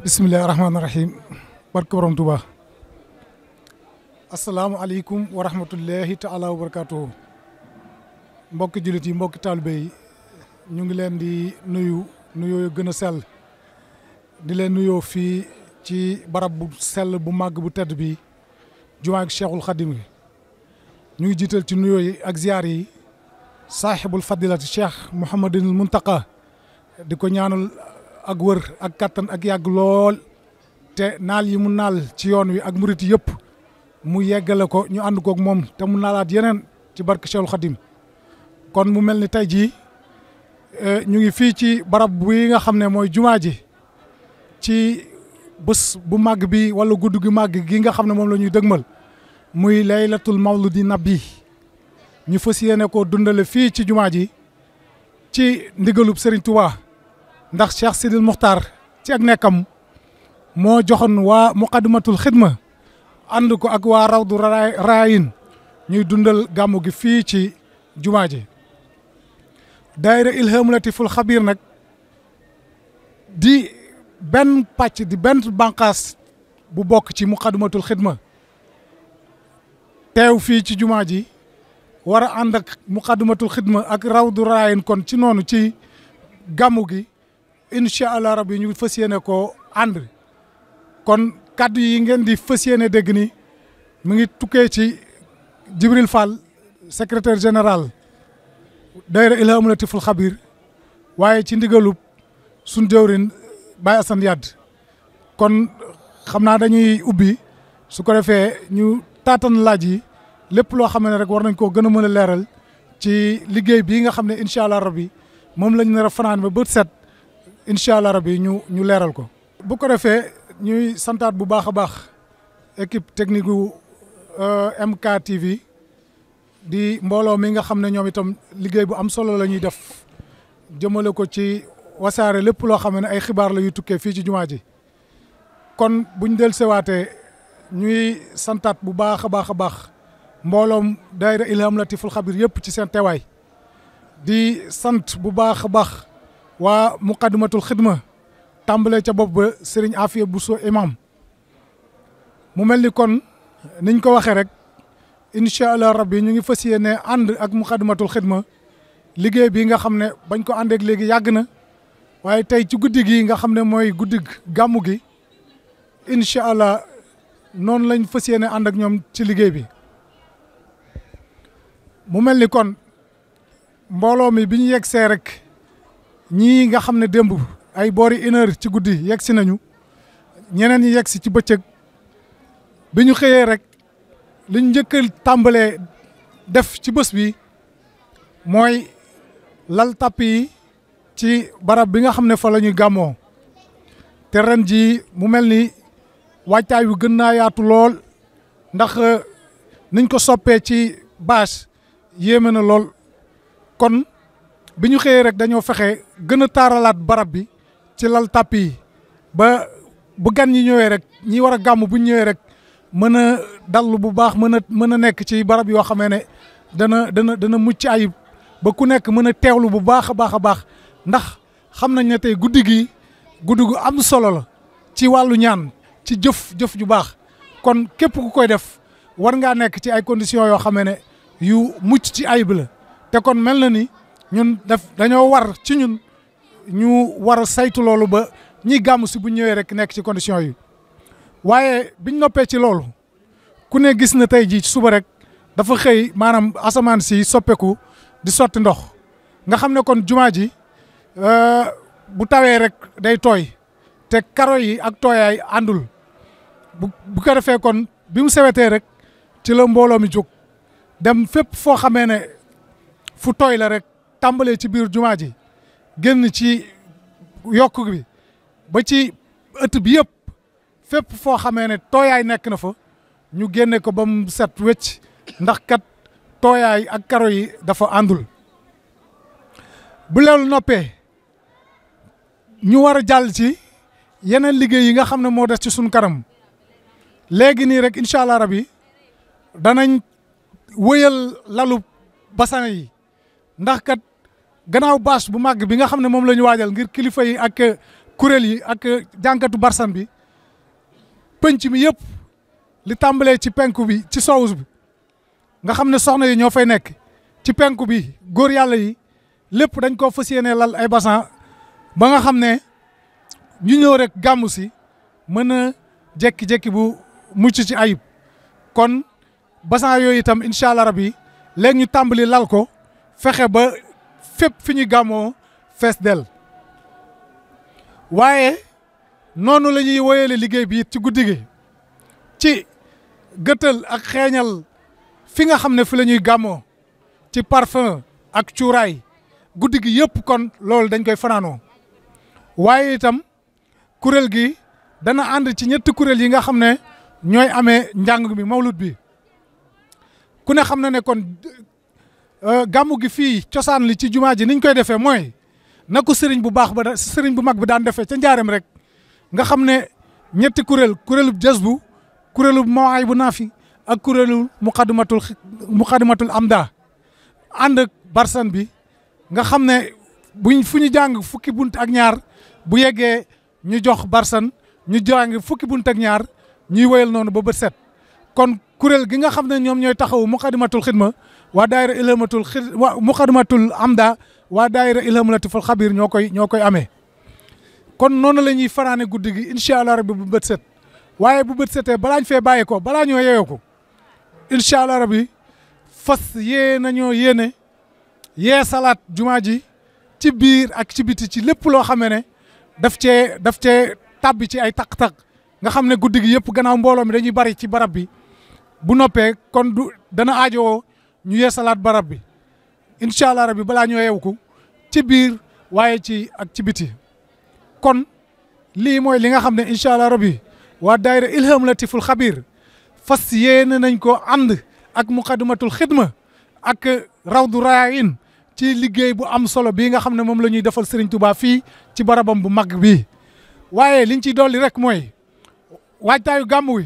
bisimilah rahmaani rahiim barke borom Tuubaa asalaamualeykum wa rahmatullahi taala wa barakaatuhu mbokki jullit yi mbokki taalibe yi ñu ngi leen di nuyu nuyoo yu gën a sell di leen nuyoo fii ci barab bu sell bu màgg bu tedd bi jumaa ak Cheikhul Xadim gi jiital ci nuyoo yi ak ziyaar yi saaxibul fadilati Cheikh Mouhamadinil Muntaqa di ko ñaanal. ak wër ak kàttan ak yàgg lool te naal yi mu naal ci yoon wi ak murit yëpp mu yeggale ko ñu ànd koog moom te mu naalaat yeneen ci barke Cheikhul kon mu mel ni tey jii eh, ñu ngi fii ci barab bi nga xam ne mooy jumaa ji ci bés bu màgg bi wala gudd gi màgg gi nga xam ne moom la ñuy dëgmal muy di mawludi nabi ñu fës yéene koo dundale fii ci jumaa ji ci ndigalub Serigne Touba. ndax Cheikh Sidil Muxtaar ci ak nekkam moo joxoon waa muqaddimatul xidma ànd ko ak waa du raayin ñuy dundal gàmmu gi fii ci jumaa ji daayira ilhaamul latiful xabiir nag di benn pàcc di benn bànqaas bu bokk ci muqaddimatul xidma teew fii ci jumaa ji wara a ànd ak muqaddimatul xidma ak rawdu raayin kon ci noonu ci gàmmu gi incha allah rabbi ñu fas yéene koo ànd kon kaddu yi ngeen di fas yéene dégg ni mu ngi tukkee ci Jibril Fall secretaire général daayira Ilhamul Latiful Xabir waaye ci ndigalub sun jëwrin Baye Assane Yadd kon xam naa dañuy ubbi su ko defee ñu taatan laaj yi lépp loo xam ne rek war nañ koo gën a mën a leeral ci liggéey bii nga xam ne incha allah rabbi moom lañ nar a fanaan ba bët set incha allah rabi ñu ñu leeral ko. bu ko defee ñuy santaat bu baax a baax équipe technique gu euh, MKTV di mbooloo mi nga xam ne ñoom itam liggéey bu am solo la ñuy def jëmale ko ci wasaare lépp loo xam ne ay xibaar la yu tukkee fii ci jumaa ji kon buñ delluseewaatee ñuy santaat bu baax a baax a baax mbooloom daayira Ilham Latiful Xabir yëpp ci seen teewaay di sant bu baax a baax. waa muqaddimatul xidma tàmbalee ca bopp ba sëriñ Afia Bousso imam mu mel ni kon niñ ko waxee rek incha allah rab yi ñu ngi fas yéene ànd ak muqaddimatul xidma liggéey bi nga xam ne bañ ko àndeek léegi yàgg na waaye tey ci guddi gi nga xam ne mooy guddi gàmmu gi incha allah noonu lañ fas yéene ànd ak ñoom ci liggéey bi mu mel ni kon mbooloo mi bi ñu yegg see rek ñii nga xam ne démb ay boori une ci guddi yegg si nañu ñeneen ñi yegg si ci bëccëg bi ñu xëyee rek li ñu njëkk tàmbalee def ci bës bi mooy lal tàpp yi ci barab bi nga xam ne fa la ñuy gàmmoo te ren ji mu mel ni waajtaay wi gën naa yaatu lool ndax niñ ko soppee ci bâche yéeme na lool kon bi ñu xëyee rek dañoo fexe gën a taaralaat barab bi ci lal tàpp yi ba bu gan ñi ñëwee rek ñi war a gàmm bu ñëwee rek mën a dallu bu baax mën a mën a nekk ci barab yoo xamee ne dana dana dana mucc ayib ba ku nekk mën a teewlu bu baax a baax a baax ndax xam nañ ne tey guddi gi guddi gu am solo la ci wàllu ñaan ci jëf jëf ju baax kon képp ku koy def war ngaa nekk ci ay conditions yoo xamee ne yu mucc ci ayib la te kon mel na ni. ñun daf dañoo war ci ñun ñu war a saytu loolu ba ñiy gàmm si bu ñëwee rek nekk ci condition yi waaye biñ noppee ci loolu ku ne gis na tey jii ci suba rek dafa xëy maanaam asamaan si soppeeku di sotti ndox nga xam ne kon jumaa ji euh, bu tawee rek day tooy te karo yi ak tooyaay àndul bu bu ko kon bi mu sewetee rek ci la mbooloo mi jóg dem fépp foo xamee ne fu tooy la rek. tàmbalee ci biir jumaa ji génn ci yokk bi ba ci ëtt bi yëpp fépp foo xamee ne tooyaay nekk na fa ñu génne ko ba mu set wecc ndax kat tooyaay ak karo yi dafa àndul bu loolu noppee ñu war a jàll ci yeneen liggéey yi nga xam ne moo des ci suñu kanam léegi nii rek incha allah rabi danañ wëyal lalu basan yi ndax kat gannaaw bâche bu màgg bi nga xam ne moom la ñu waajal ngir kilifa yi ak euh, kuréel yi ak euh, jànkatu barsan bi pënc mi yëpp li tàmbalee ci penku bi ci sowus bi nga xam ne soxna yi ñoo fay nekk ci penku bi góor yàlla yi lépp dañ koo fas yéene lal ay basan ba nga xam ne ñu ñëw rek gàmmu si mën a jekki-jekki bu mucc ci ayib kon basan yooyu itam incha allah rabi léegi ñu tàmbali lal ko fexe fépp fi ñuy gàmmoo fees del waaye noonu lañuy ñuy woyale liggéey bi ci guddi gi ci gëtël ak xeeñal fi nga xam ne fi lañuy ñuy gàmmoo ci parfum ak cuuraay guddi gi yëpp kon loolu dañ koy fanaanoo waaye itam kuréel gi dana ànd ci ñetti kuréel yi nga xam ne ñooy ame njàng mi mawlud bi ku ne xam na ne kon Euh, gàmmu gi fii cosaan li ci jumaa ji niñ koy defee mooy na ko sëriñ bu baax ba sëriñ bu mag bi daan defee ca njaareem rek nga xam ne ñetti kuréel kuréelub jazbu kuréelub mawaay bu naafi ak kuréelu muqaddimatul muqaddimatul amda ànd ak barsan bi nga xam ne buñ fu ñu jàng fukki bunt ak ñaar bu yegee ñu jox barsan ñu jàng fukki bunt ak ñaar ñuy woyal noonu ba bët set kon kuréel gi nga xam ne ñoom ñooy taxawu muqadimatul xidma waa daayira ilhamatul xid waa muqadimatul amda waa daayira ilhamulatiful xabir ñoo koy ñoo koy amee kon noonu la ñuy fanaane guddi gi incha allah rabbi bu bët set waaye bu bët setee balaañ fee bàyyi ko balaa ñoo yeyoo ko incha allah rabbi fas yée nañoo yéene yee salaat jumaa ji ci biir ak ci biti ci lépp loo xamee ne daf cee daf cee tàbbi ci ay taq-taq nga xam ne guddi gi yëpp gannaaw mbooloo mi dañuy bari ci barab bi bu noppee kon du dana aajowoo ñu yeesalaat barab bi incha allah rabbi balaa ñoo yeew ko ci biir waaye ci ak ci biti kon lii mooy li nga xam ne incha allah rabbi waa daayira ilham latiful xabir fas yéene nañ ko ànd ak muqaddimatul xidma ak rawdu rayain ci liggéey bu am solo bii nga xam ne moom la ñuy defal Serigne Touba fii ci barabam bu mag bi waaye liñ ci dolli rek mooy waajtaayu gàmm wi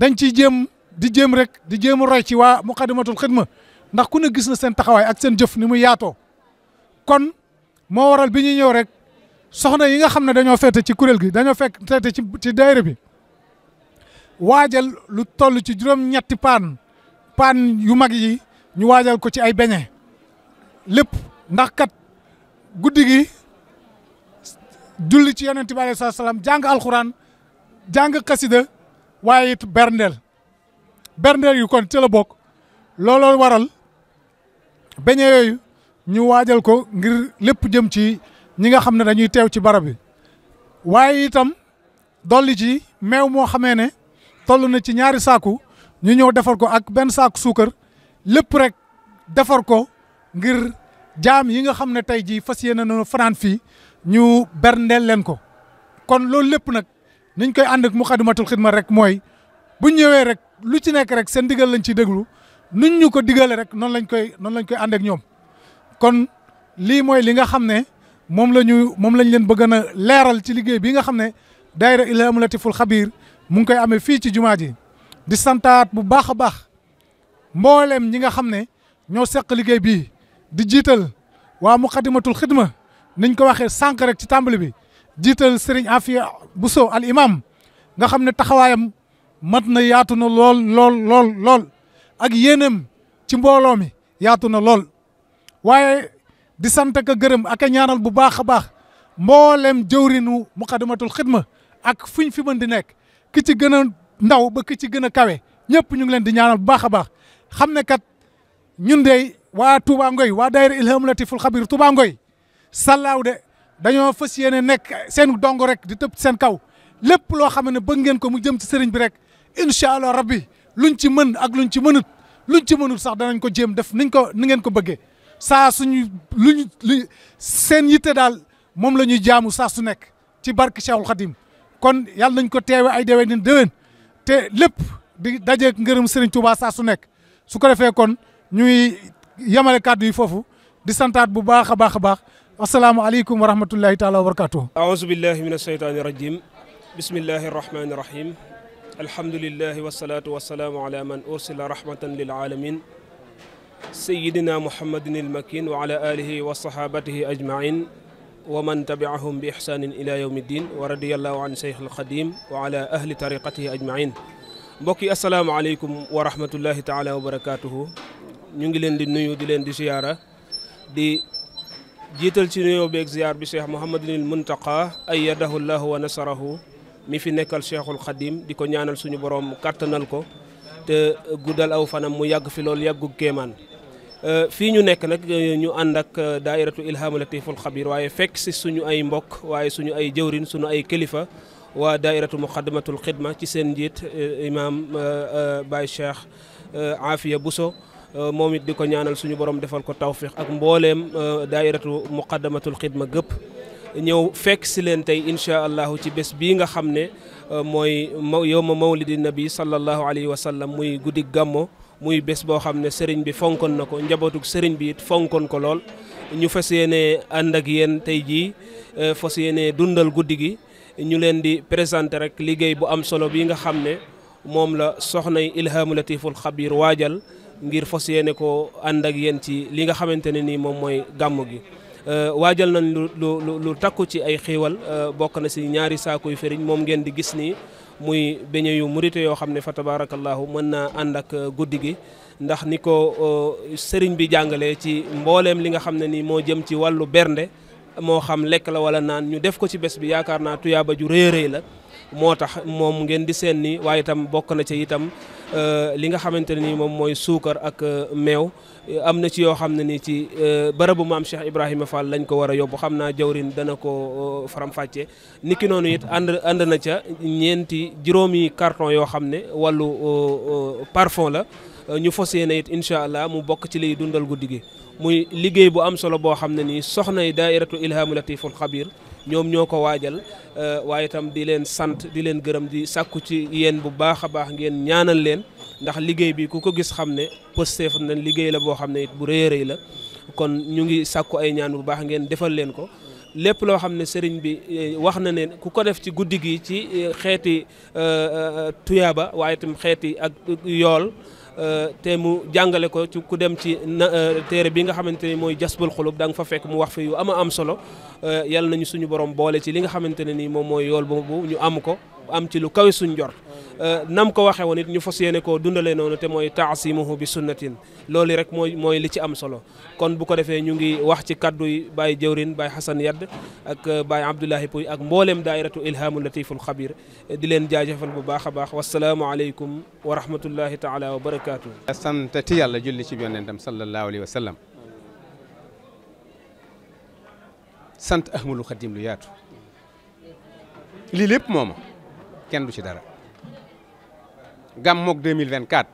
dañ ciy jéem di jéem rek di jéem roy ci waa muqaddimatul xidma ndax ku ne gis na seen taxawaay ak seen jëf ni mu yaatoo kon moo waral bi ñuy ñëw rek soxna yi nga xam ne dañoo feete ci kuréel gi dañoo fekk feete ci ci daayira bi waajal lu toll ci juróom-ñetti paan paan yu mag yi ñu waajal ko ci ay beñe lépp ndax kat guddi gi julli ci yonent bi salaam jàng alxuraan jàng xasida waaye it berndeel berndeel yu kon ci la bokk looloo waral beñe yooyu ñu waajal ko ngir lépp jëm ci ñi nga xam ne dañuy teew ci barab bi waaye itam dolli ci meew moo xamee ne toll na ci ñaari saaku ñu ñëw defar ko ak benn saaku suukar lépp rek defar ko ngir jaam yi nga xam ne tey jii fas yéene na fanaan fii ñu berndeel leen ko kon loolu lépp nag niñ koy ànd ak Muxaddamatul Xidma rek mooy bu ñëwee rek lu ci nekk rek seen digal lañ ciy déglu nuñ ñu ko digale rek noonu lañ koy noonu lañ koy ànd ñoom kon lii mooy li nga xam ne moom la moom lañ leen bëgg a leeral ci liggéey bi nga xam ne daayira Ilhaamul Latiiful Xabiir mu ngi koy amee fii ci jumaa ji di santaat bu baax a baax mbooleem ñi nga xam ne ñoo seq liggéey bi di jiital waa Muxaddamatul Xidma niñ ko waxee sànq rek ci tàmbali bi jiital sëriñ Afia Bousso al imam nga xam ne taxawaayam mat na yaatu na lool lool lool lool ak yéenam ci mbooloo mi yaatu na lool waaye di sant ak gërëm ak ñaanal bu baax a baax mboolem jëwrinu muqaddimatul xidma ak fuñ fi mën di nekk ki ci gën a ndaw ba ki ci gën a kawe ñëpp ñu ngi leen di ñaanal bu baax a baax xam ne kat ñun de waa Touba Ngoy waa daayira Ilhamul Latiful Xabir Touba Ngoy sallaaw de dañoo fas yéene nekk seen dong rek di tëb seen kaw lépp loo xam ne bëgg ngeen ko mu jëm ci sëriñ bi rek incha allah rabbi luñ ci mën ak luñ ci mënut luñ ci mënut sax danañ ko jéem def niñ ko ni ngeen ko bëggee saa suñu luñ lu seen yitte daal moom la ñuy jaamu saa su nekk ci barke Cheikhul Khadim kon yàlla nañ ko teewe ay déwén ni déwén te lépp di dajeeg mu sëriñ Touba saa su nekk su ko defee kon ñuy yamale kàddu yi foofu di santaat bu baax a baax a baax asalaamaaleykum wa rahmatullahi taala wa barakaatu. aouzu billahi min asheytaani rajim bismillahi rahmaani rahim alhamdulilahi wasalaatu wasalaamu ala man ursila rahmatan lil alamin sayidina muhammadin almakin wa ala alihi wa sahabatihi ajmain wa man tabiahum bi ihsanin ila yawmi ddin wa radiyallahu an cheikh alqadim wa ala ahli tariqatihi ajmain mbokk yi asalaamaaleykum wa rahmatullahi taala wa barakaatuhu ñu ngi leen di nuyu di leen di siyaara di jiital ci nuyoo beeg ziar bi cheikh Mouhamadunil Muntaqa ayyadahu llahu wa nasarahu mi fi nekkal cheikhul xadim di ko ñaanal suñu borom kàttanal ko te guddal aw fanam mu yàgg fi loolu yàggu kéemaan euh, fii ñu nekk nag euh, ñu ànd ak euh, daairatu ilhamu latiful xabir waaye fekk si suñu ay mbokk waaye suñu ay jëwrin suñu ay kilifa waa daairatu muqaddamatul xidma ci seen njiit imam Baye Cheikh Afia Bousso Euh, moom it di ko ñaanal suñu borom defal ko tawfiq ak mbooleem euh, daairatu muqaddamatul xidma gépp ñëw fekk si leen tey incha allahu ci bés bii nga xam ne euh, mooy yowma mawlidi nabi sallallahu alayhi wa sallam muy guddi gàmmo muy bés boo xam ne sëriñ bi fonkoon na ko njabootug sëriñ bi it fonkoon ko lool ñu fas yéene ànd ak yéen tey jii fos yéene dundal guddi gi ñu leen di présenté rek liggéey bu am solo bii nga xam ne moom la soxnay ilhaamulatiful xabir waajal ngir fas yéene ko ànd ak yéen ci li nga xamante ne nii moom mooy gàmmu gi. Euh, waajal na lu lu lu takku ci ay xiiwal euh, bokk na si ñaari saakuy fëriñ moom ngeen di gis nii muy beñe yu murite yoo xam ne fa tabaarakallaahu mën naa ànd ak euh, guddi gi. ndax ni ko sëriñ bi jàngalee ci mbooleem li nga xam ne nii moo jëm ci wàllu bernde moo xam lekk la wala naan ñu def ko ci bés bi yaakaar naa tuyaaba ju rëy rëy la. moo tax moom ngeen di seen nii waaye itam bokk na ci itam euh, li nga xamante ne ni moom mooy suukar ak euh, meew am na ci yoo xam ne nii ci euh, bërëbu maam Cheikh Ibrahima Fall lañ ko war a yóbbu xam naa jawrin dana ko faram-fàccee niki noonu it ànd ànd na ca ñeenti juróomi karton yoo xam ne wàllu parfum la ñu fas yéene it incha allah mu bokk ci liy dundal guddi gi muy liggéey bu am solo boo xam ne nii soxnay daairatu ilhamu latiful xabir ñoom ñoo ko waajal euh, waaye itam di leen sant di leen gërëm di sàkku ci yéen bu baax a baax ngeen ñaanal leen ndax liggéey bi ku ko gis xam ne Pastef nañ liggéey la boo xam ne it bu rëy a rëy la kon ñu ngi sàkku ay ñaan bu baax ngeen defal leen ko lépp loo xam ne sëriñ bi euh, wax na ne ku ko def ci guddi gi ci euh, xeeti tuyaaba waaye itam xeeti ak yool Euh, te mu jàngale ko ci ku dem ci na euh, téere bi nga xamante ni mooy jasbul xulub da nga fa fekk mu wax fi am ama am solo euh, yàlla nañu suñu borom boole ci li nga xamante ne ni moom mooy yool boobu ñu am ko am ci lu kawe suñ jor euh, nam ko waxee woon it ñu fas yéene koo dundalee noonu te mooy taasimuhu bi sunnatin loolu rek mooy mooy li ci am solo kon bu ko defee ñu ngi wax ci kaddu yi Baye Jëwrin Baye Xasan Yadd ak euh, Baye Abdoulahi Pouy ak mbooleem daairatu ilhaamul latiful xabir di leen jaajëfal bu baax a baax wasalaamualeykum wa rahmatullahi taala wa barakaatu. santati yàlla julli ci yonentam sallallahu alayhi wa sallam sant ahmadul xadim lu yaatu kenn du ci dara gàmmoog 2024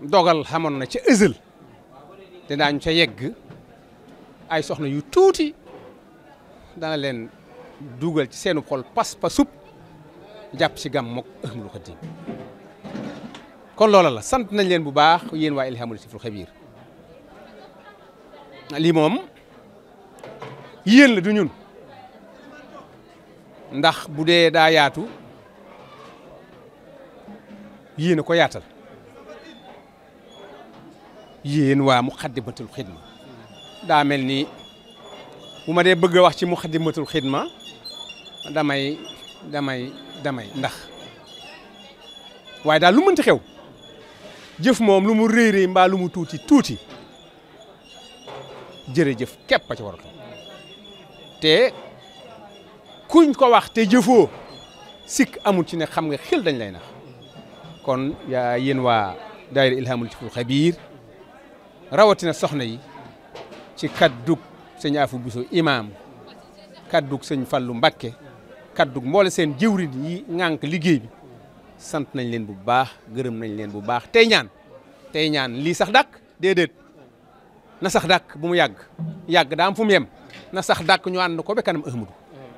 dogal xamoon na ci ësël te daañu ca yegg ay soxna yu tuuti dana leen dugal ci seenu xol pas-pasub jàpp ci gàmmoog Ahmadul Xadim kon loola la sant nañ leen bu baax yéen waa Ilhamul Latiful Xabiir lii moom yéen la du ñun ndax bu dee daa yaatu yéen a ko yaatal yéen waa Muxaddamatul Xidma daa mel ni bu ma dee bëgg wax ci Muxaddamatul Xidma damay damay damay ndax waaye daal lu mënti xew jëf moom lu mu rëy rëy mbaa lu mu tuuti tuuti jërëjëf képp a ci war a te kuñ ko wax te jëfoo sik amul ci ne xam nga xel dañ lay nax kon yaa yéen waa daayira ilhamul latiful xabiir rawatina soxna yi ci kaddug sëñ Afu Buso imaam kaddug sëñ Fallu Mbakke kaddug mboole seen jëwriñ yi ŋànk liggéey bi sant nañ leen bu baax gërëm nañ leen bu baax tey ñaan tey ñaan lii sax dàkk déedéet na sax dàkk bu mu yàgg yàgg daa am fu mu yem na sax dàkk ñu ànd ko ba kanam Ahmadu